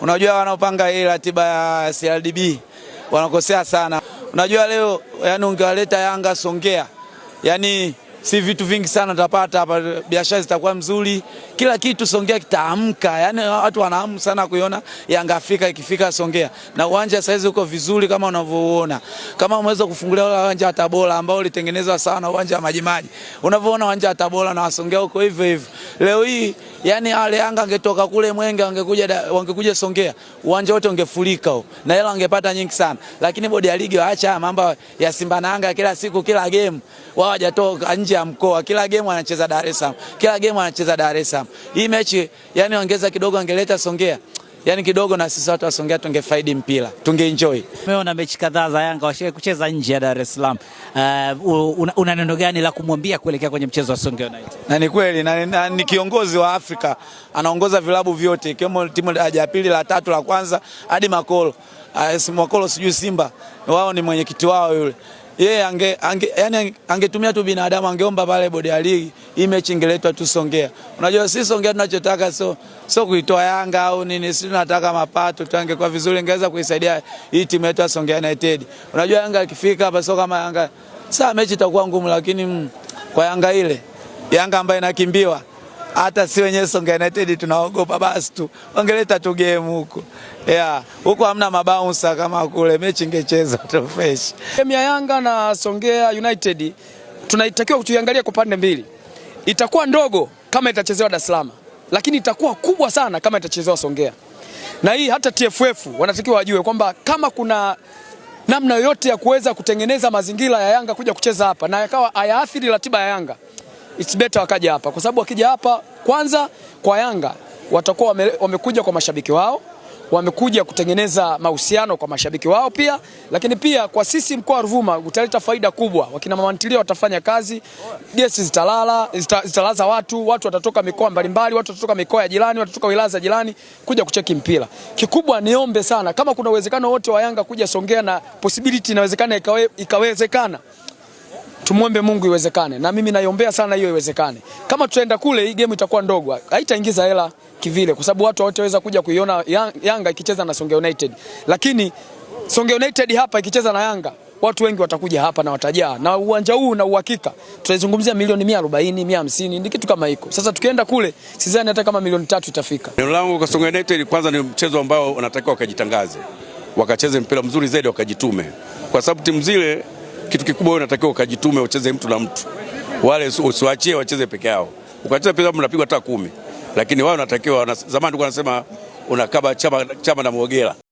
Unajua wanaopanga hii ratiba ya CRDB wanakosea sana. Unajua leo yani ungewaleta Yanga Songea yani si vitu vingi sana tutapata hapa, biashara zitakuwa mzuri, kila kitu Songea kitaamka. Yani watu wanahamu sana kuiona Yanga Afrika ikifika Songea, na uwanja saizi uko vizuri kama unavyoona, kama umeweza kufungulia ule uwanja wa Tabora ambao ulitengenezwa sana, uwanja wa Majimaji, unavyoona uwanja wa Tabora na Wasongea uko hivyo hivyo. Leo hii yani wale Yanga angetoka kule Mwenge wangekuja wangekuja Songea, uwanja wote ungefurika huo, na hela angepata nyingi sana, lakini bodi ya ligi waacha mambo ya Simba na Yanga kila siku kila game, wao hawajatoka nje ya mkoa, kila game anacheza Dar es Salaam, kila game anacheza Dar es Salaam. Hii mechi yani ongeza kidogo, angeleta Songea yani kidogo, na sisi watu wa Songea tungefaidi mpira, tungeenjoy. Umeona mechi kadhaa za Yanga washe kucheza nje ya Dar es Salaam. Uh, una, neno gani la kumwambia kuelekea kwenye mchezo wa Songea United? Na ni kweli na, na, ni kiongozi wa Afrika, anaongoza vilabu vyote ikiwemo timu ya pili, la tatu, la kwanza hadi Makolo. Uh, Makolo sijui Simba wao ni mwenyekiti wao yule yeye ange, ange, yani angetumia tu binadamu, angeomba pale bodi ya ligi hii mechi ingeletwa tu Songea. Unajua sisi Songea tunachotaka sio sio kuitoa Yanga au nini, sisi tunataka mapato tu. Angekuwa vizuri, ingeweza kuisaidia hii timu yetu ya Songea United. Unajua Yanga ikifika hapa, sio kama Yanga saa mechi itakuwa ngumu, lakini mm, kwa Yanga ile Yanga ambayo inakimbiwa hata si wenyewe Songea United tunaogopa, basi tu wangeleta tu game huko yeah. Huko hamna mabaunsa kama kule, mechi ingecheza tu fresh. Game ya Yanga na Songea United tunaitakiwa kuiangalia kwa pande mbili, itakuwa ndogo kama itachezewa Dar es Salaam, lakini itakuwa kubwa sana kama itachezewa Songea. Na hii hata TFF wanatakiwa wajue kwamba kama kuna namna yoyote ya kuweza kutengeneza mazingira ya Yanga kuja kucheza hapa na yakawa hayaathiri ratiba ya Yanga it's better wakaja hapa, kwa sababu wakija hapa kwanza, kwa Yanga watakuwa wame, wamekuja kwa mashabiki wao, wamekuja kutengeneza mahusiano kwa mashabiki wao pia, lakini pia kwa sisi mkoa wa Ruvuma utaleta faida kubwa. Wakina mama ntilia watafanya kazi, gesi zitalala, zitalaza watu, watu watatoka mikoa mbalimbali, watu watatoka mikoa ya jirani, watatoka wilaya za jirani kuja kucheki mpira. Kikubwa niombe sana, kama kuna uwezekano wote wa Yanga kuja Songea na possibility inawezekana, ikawe, ikawezekana tumwombe Mungu iwezekane, na mimi naiombea sana hiyo iwezekane. Kama tutaenda kule, hii game itakuwa ndogo, haitaingiza hela kivile, kwa sababu watu hawataweza kuja kuiona Yanga ikicheza na Songea United, lakini Songea United hapa ikicheza na Yanga watu wengi watakuja hapa na watajaa, na uwanja huu na uhakika tunazungumzia milioni 140 150, ni kitu kama hiko. Sasa tukienda kule, sidhani hata kama milioni tatu itafika. Neno langu kwa Songea United, kwanza ni mchezo ambao unatakiwa wakajitangaze, wakacheze mpira mzuri zaidi, wakajitume, kwa sababu timu zile kitu kikubwa, wewe unatakiwa ukajitume, ucheze mtu na mtu, wale usiwaachie wacheze peke yao. Ukacheza peke yao mnapigwa hata kumi, lakini wao unatakiwa, zamani tulikuwa tunasema unakaba chama, chama na mwogela.